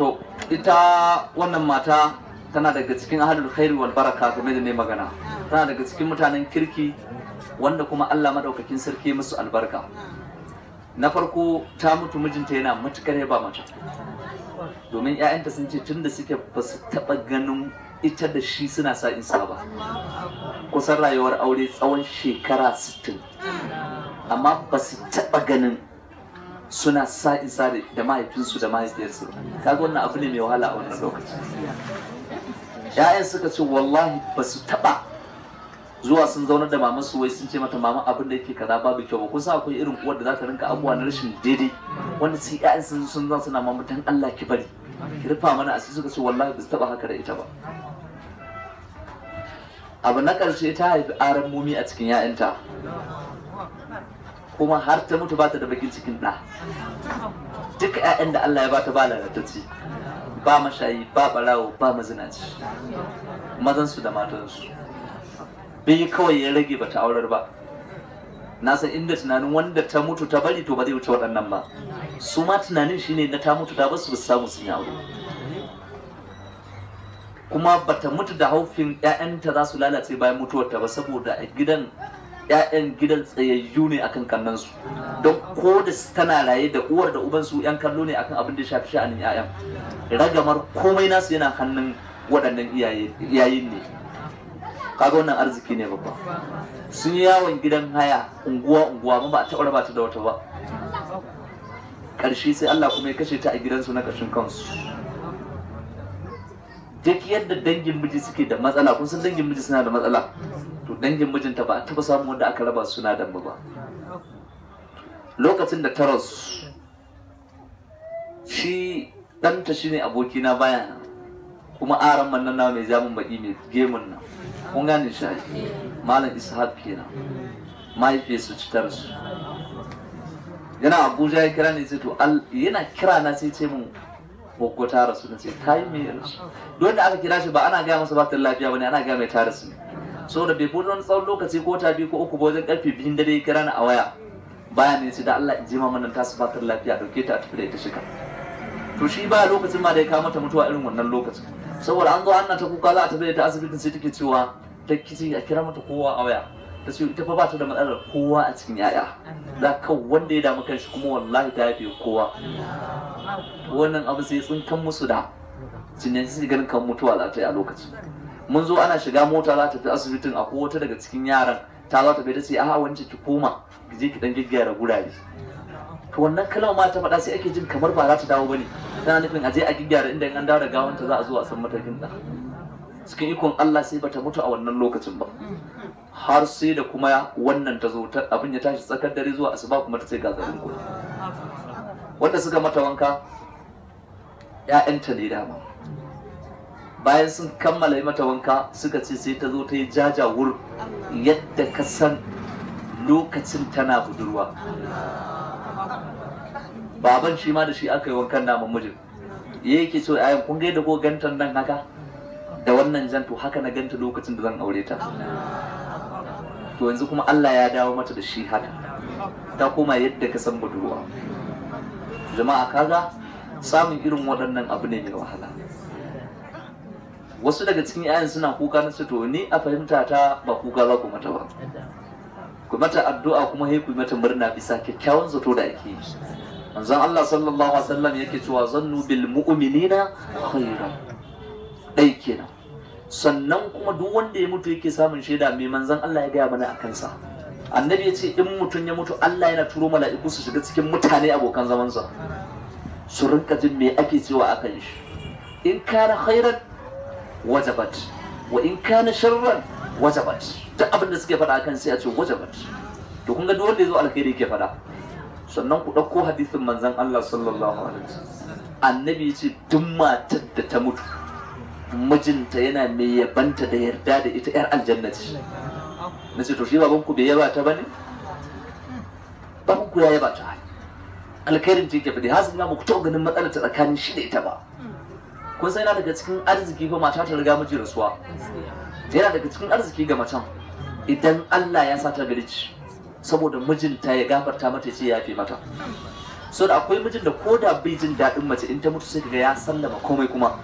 to ita wannan mata tana daga cikin ahlul khairi wal baraka game da ne magana tana daga cikin mutanen kirki wanda kuma Allah madaukakin sarki musu albarka na farko ta mutu mijinta yana matukar yaba mata domin 'ya'yanta sun ce tun da suke ba su taɓa ganin ita da shi suna sa in ba kusan rayuwar aure tsawon shekara 60 amma ba su taɓa ganin suna sa'isa da mahaifinsu da mahaifiyarsu kaga wannan abu ne mai wahala a wannan lokaci ya'yan suka ce wallahi ba su taba zuwa sun zaunar da mama su wai sun ce mata mama abin da yake kaza babu kyau ba kun san akwai irin uwar da za ta rinka abuwa na rashin daidai wanda sai ya'yan sun sun zan suna mama dan Allah ki bari ki rufa mana asiri suka ce wallahi ba su taba haka da ita ba abu na ƙarshe ta haifi aran mumi a cikin ya'yanta. kuma har ta mutu ba ta da bakin cikin ɗa Duk 'ya'yan da Allah ya bata ba lalatacci ba mashayi ba barawo ba mazinaci mazansu da matansu bai kawai ya rage ba ta aurar ba na san inda tunanin wanda ta mutu ta bari to ba zai wuce waɗannan ba su ma tunanin shine na ta mutu ta basu su samu sun yi aure kuma bata mutu da haufin 'ya'yanta za su lalace bayan mutuwarta ba saboda a gidan 'ya'yan gidan tsayayyu ne akan kannansu don ko da tana raye da uwar da ubansu 'yan kallo ne akan abin da shafi sha'anin 'ya'yan ragamar komai nasu yana hannun waɗannan iyayen ne kaga wannan arziki ne babba sun yi yawon gidan haya unguwa unguwa ba a taɓa ba ta da wata ba ƙarshe sai Allah kuma ya kashe ta a gidansu na ƙarshen kansu duk yadda dangin miji suke da matsala kun san dangin miji suna da matsala dangin mijinta ba a taba samun wanda aka raba suna da ba lokacin da ta rasu shi ɗanta shine abokina baya kuma aran man nan mai zamun baki mai gemun nan kun gane shi malam ishaq kenan mahaifiyarsu ci ta rasu yana abuja ya kira ne sai to yana kira na sai ce mun gwaggo ta rasu na sai ta yi mai rasu don da aka kira shi ba ana gaya masa ba ta lafiya ba ne ana gaya mai ta rasu ne saboda bai fi wani tsawon lokaci ko ta biyu ko uku ba wajen karfe biyu dare kira ni a waya baya ne ce da Allah in jima mana ta su bakar lafiya dauke ta a tafi da ita shika to shi ba lokacin ma da ya kawo mata mutuwa irin wannan lokacin saboda an zo an ta kuka za a tafi da ita asibitin sai take cewa ta kici a kira mata kowa a waya ta ce ta fa ba ta da matsalar kowa a cikin yaya za ka wanda ya damu kanshi kuma wallahi ta yafe kowa wannan abu sai tsinkan musu da cinye su ganin kan mutuwa za ta yi a lokacin mun zo ana shiga mota za ta fi asibitin a wata daga cikin yaran ta zo ta bai ta ce a wance ki koma ki je ki dan gyaggyara gurare to wannan kalma ma ta faɗa sai ake jin kamar ba za ta dawo bane tana nufin a je a gyaggyara inda in an dawo da gawanta za a zo a san matakin da cikin ikon Allah sai bata mutu a wannan lokacin ba har sai da kuma wannan ta zo abin ya tashi tsakar dare zuwa asuba kuma ta ce ga garin wanda suka mata wanka ya'yanta ne dama bayan sun kammala yi mata wanka suka ce sai ta zo ta yi jajawur yadda ka san lokacin tana budurwa baban shi ma da shi aka yi wankan namun mijin ya yake so ayan kun gaida ko gantan nan haka da wannan jan to haka na ganta lokacin da zan aure ta to yanzu kuma Allah ya dawo mata da shi haka ta koma yadda ka san budurwa jama'a kaga samun irin waɗannan abu ne mai wahala wasu daga cikin yayan suna kuka na su to ni a fahimta ta ba kuka za ku mata ba ku mata addu'a kuma sai ku mata murna bisa kyakkyawan zato da ake yi manzon Allah sallallahu alaihi wasallam yake cewa zannu bil mu'minina khairan dai kenan sannan kuma duk wanda ya mutu yake samun shaida mai manzan Allah ya gaya mana a kansa annabi ya ce in mutum ya mutu Allah yana turo mala'iku su shiga cikin mutane abokan zamansa su rinka jin me ake cewa akan shi in kana hairar. wajabat wa in kana sharran wajabat duk abin da suke faɗa kan sai a ce wajabat to kun ga duk wanda yazo alkhairi yake faɗa sannan ku ɗauko hadisin manzon Allah sallallahu alaihi wasallam annabi ya ce duk matar da ta mutu mijinta yana mai yabanta da yarda da ita yar aljannati na ce to shi baban ku bai yaba ta bane baban ku ya yaba ta alkhairin ta yake faɗi hasan na muku taɓa ganin matsalar ta tsakanin shi da ita ba kun san yana daga cikin arziki ba mata ta riga miji rasuwa yana daga cikin arziki ga macen idan Allah ya sa ta ci saboda mijinta ya gafarta mata ce ya fi mata so da akwai mijin da ko da bai jin daɗin mace in ta mutu sai kaga ya sallama komai kuma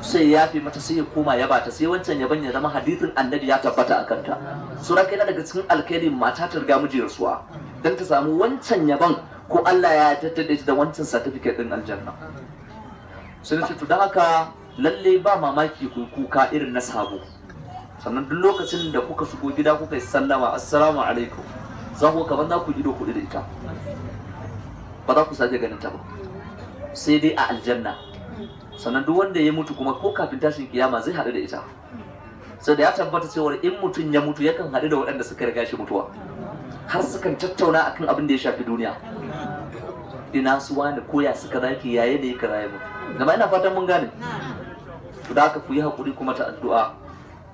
sai ya fi mata sai ya koma ya bata sai wancan yaban ya zama hadithin annabi ya tabbata a kanta so da kai daga cikin alkhairi mata ta riga miji rasuwa dan ta samu wancan yaban ko Allah ya tattade da wancan certificate din aljanna sun ce to haka lalle ba mamaki ku kuka irin na sabo sannan duk lokacin da kuka shigo gida kuka yi sallama assalamu alaikum za ku kaman za ku ido kuɗi da ita ba za ku sake ganin ta ba sai dai a aljanna sannan duk wanda ya mutu kuma ko kafin tashin kiyama zai haɗu da ita sai da ya tabbata cewa in mutum ya mutu yakan haɗu da waɗanda suka riga shi mutuwa har sukan tattauna akan abin da ya shafi duniya ina su wani koya suka zaki yaye da yake rayu gama ina fatan mun gane to da haka ku yi hakuri kuma ta addu'a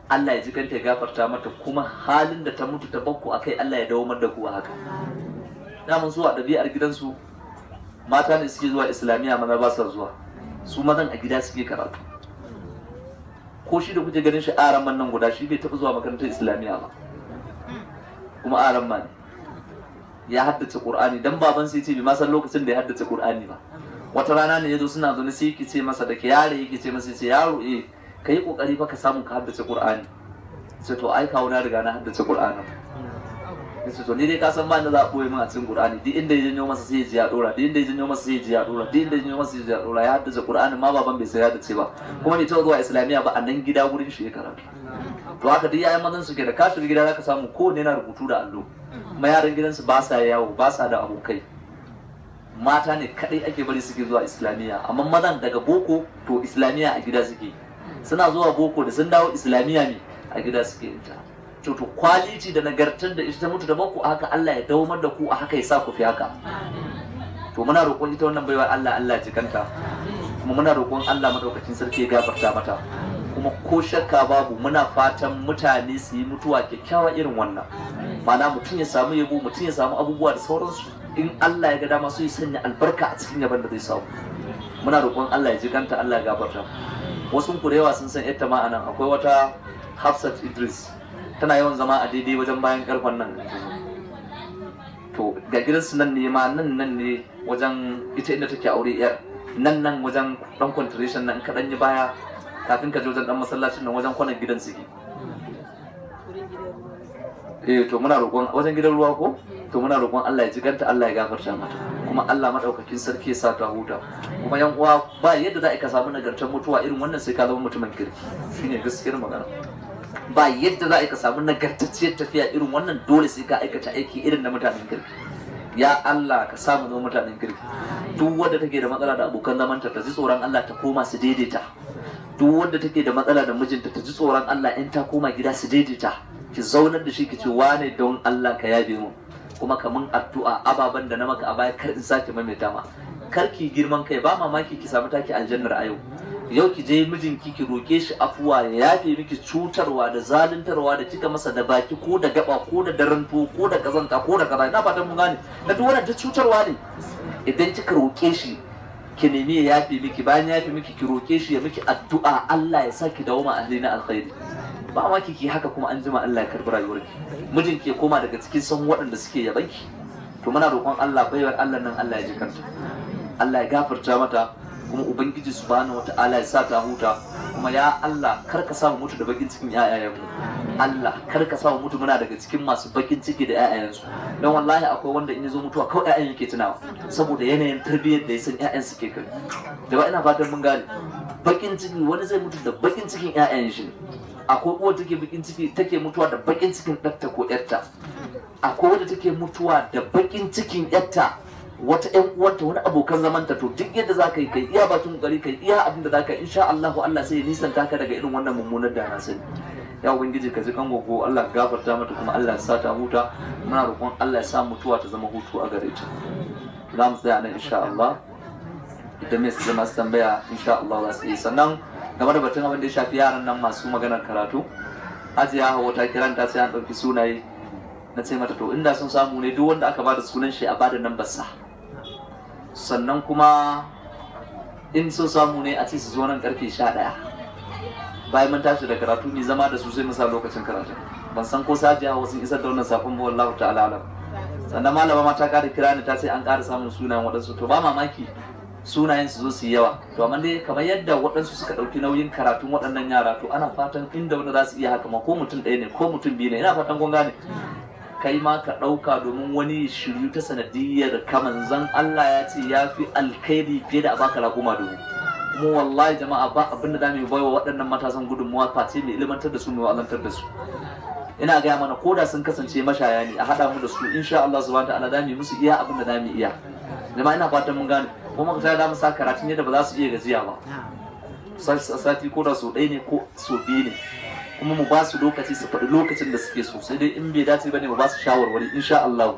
Allah ya ji kanta ya gafarta mata kuma halin da ta mutu ta bakku akai Allah ya dawo da ku haka mun zuwa ɗabi'ar gidansu mata ne suke zuwa islamiyya maza ba sa zuwa su mazan a gida suke karatu ko shi da kuke ganin shi aran nan guda shi bai taɓa zuwa makarantar islamiyya ba mm. kuma aran ma ne ya haddace Qur'ani dan baban sai ce bi ma san lokacin da ya haddace Qur'ani ba wata rana ne yazo suna zo ne sai yake ce masa da ke yare yake ce masa sai yaro eh kai kokari fa ka samu ka haddace Qur'ani sai to ai kawo na riga na haddace Qur'ani yace to ni dai ka san ba ni za a boye min a cikin Qur'ani duk inda ya janyo masa sai ya ji ya dora duk inda ya janyo masa sai ya ji ya dora duk inda ya janyo masa sai ya ji ya dora ya haddace Qur'ani ma baban bai sai ya haddace ba kuma ni ta zuwa islamiya ba a nan gida gurin shi ya karanta to haka duk yayan mazan suke da ka shiga gida zaka samu ko ne na rubutu da allo kuma yaran gidansu ba sa yawo ba sa da abokai mata ne kadai ake bari suke zuwa islamiya amma mazan daga boko to islamiya a gida suke suna zuwa boko da sun dawo islamiya ne a gida suke ita to to kwaliti da nagartar da ita mutu da banku a haka Allah ya dawamar da ku a haka ya sa ku fi haka to muna roƙon ita wannan baiwar Allah Allah jikanta kuma muna roƙon Allah madaukakin sarki ya gafarta mata kuma ko shakka babu muna fatan mutane su yi mutuwa kyakkyawa irin wannan mana mutum ya samu yabo mutum ya samu abubuwa da sauransu in Allah ya ga dama su yi sanya albarka a cikin yaban da zai samu muna roƙon Allah ya ji kanta Allah ya gafarta wasu kurewa sun san yatta ma akwai wata Hafsat Idris tana yawan zama a daidai wajen bayan karkon nan to ga gidan su nan ne ma nan nan ne wajen ita inda take aure yar nan nan wajen dan concentration nan kadan yi baya kafin ka je wajen dan masallacin nan wajen kwanan gidan su eh to muna roƙon wajen gidan ruwa ko to muna roƙon Allah ya jiganta Allah ya gafarta mata kuma Allah madaukakin sarki ya sa ta huta kuma yan uwa ba yadda za ka samu nagartar mutuwa irin wannan sai ka zama mutumin kirki shine gaskiyar magana ba yadda za a ka samu nagartacciyar tafiya irin wannan dole sai ka aikata aiki irin na mutanen kirki ya Allah ka samu zama mutanen kirki duk wanda take da matsala da abokan zamanta ta ji tsoron Allah ta koma su daidaita duk wanda take da matsala da mijinta ta ji tsoron Allah in ta koma gida su daidaita ki zaunar da shi ki ce wane don Allah ka yabe mu kuma kaman addu'a ababen da na maka a baya kar in sake maimaita ma kar ki girman kai ba mamaki ki samu taki aljannar a yau yau ki je mijinki ki roke shi afuwa ya yafe miki cutarwa da zaluntarwa da kika masa da baki ko da gaba ko da daranto ko da kazanta ko da kaza ina fatan mun gane na duk wannan duk cutarwa ne idan kika roke shi ki nemi ya yafe miki bayan ya yafe miki ki roke shi ya miki addu'a Allah ya saki dawo ma na alkhairi ba ma ki haka kuma an jima Allah ya karbi rayuwarki mijinki ya koma daga cikin san waɗanda suke yabanki to muna roƙon Allah baiwar Allah nan Allah ya ji Allah ya gafarta mata kuma ubangiji subhanahu wata'ala ya sa ta huta kuma ya Allah kar ka samu mutu da bakin cikin yayayen mu Allah kar ka samu mutu muna daga cikin masu bakin ciki da yayayen su dan wallahi akwai wanda in ya zo mutuwa kawai yayan yake tunawa saboda yanayin tarbiyyar da ya san yayan su ke kai da ba ina fatan mun gane bakin ciki wani zai mutu da bakin cikin yayan shi akwai uwar take bakin ciki take mutuwa da bakin cikin ɗanta ko ƴarta akwai wadda take mutuwa da bakin cikin ƴarta wata ƴan uwarta wani abokan zamanta to duk yadda za ka yi kai iya batun gari kai iya abin da za ka yi insha Allah Allah sai ya nisanta ka daga irin wannan mummunar da na sani ya ubangiji ka ji kangogo Allah gafarta mata kuma Allah ya sa ta huta muna roƙon Allah ya sa mutuwa ta zama hutu a gare ta za mu tsaya nan insha Allah ita mai su zama su tambaya insha Allah za su yi sannan game da batun abin da ya shafi yaran nan masu maganar karatu Hajiya Hauwa ta kiranta sai an ɗauki sunaye na ce mata to inda sun samu ne duk wanda aka bada sunan shi a bada nan sa sannan kuma in sun samu ne a ce su zo nan karfe sha ɗaya bayan mun tashi da karatu mai zama da su sai mu sa lokacin karatu ban san ko sajiya wasu isar da wannan sakon ba wallahu ta'ala alam sannan malama ma ta ƙara kira ni ta sai an ƙara samun sunayen waɗansu to ba mamaki sunayen su zo su yi yawa to amma dai kamar yadda waɗansu suka ɗauki nauyin karatun waɗannan yara to ana fatan inda wani za su iya haka ma ko mutum ɗaya ne ko mutum biyu ne ina fatan kun gane kai ma ka ɗauka domin wani shiryu ta sanadiyar ka manzan Allah ya ce ya fi alkhairi fiye da a baka raƙuma dubu kuma wallahi jama'a ba abinda za mu yi wa waɗannan matasan gudunmawa face mai ilimantar da su mai wa'alantar da su ina gaya mana ko da sun kasance mashaya ne a haɗa mu da su insha Allah subhanahu ta'ala za mu musu iya abin da za mu iya jama'a ina fatan mun gane kuma mu da mu sa karatun yadda ba za su iya gajiya ba sati ko da sau ɗaya ne ko sau biyu ne kuma mu ba su lokaci su faɗi lokacin da suke so sai dai in bai dace bane mu ba su shawarwari insha Allah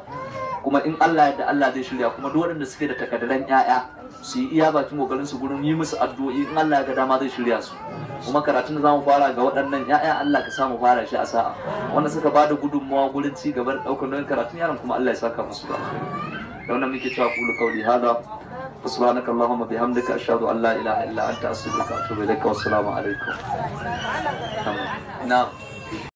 kuma in Allah da Allah zai shirya kuma duk waɗanda suke da takaddaran ƴaƴa su yi iya bakin kokarin su gurin yi musu addu'o'i in Allah ya ga dama zai shirya su kuma karatun da zamu fara ga waɗannan ƴaƴa Allah ka samu fara shi a sa'a wanda suka ba da gudunmawa gurin ci gaba da ɗaukar nauyin karatun yaran kuma Allah ya saka musu ba da wannan muke cewa kulu kauli hada سبحانك اللهم بحمدك أشهد أن لا إله إلا أنت أستغفرك وأتوب إليك والسلام عليكم نعم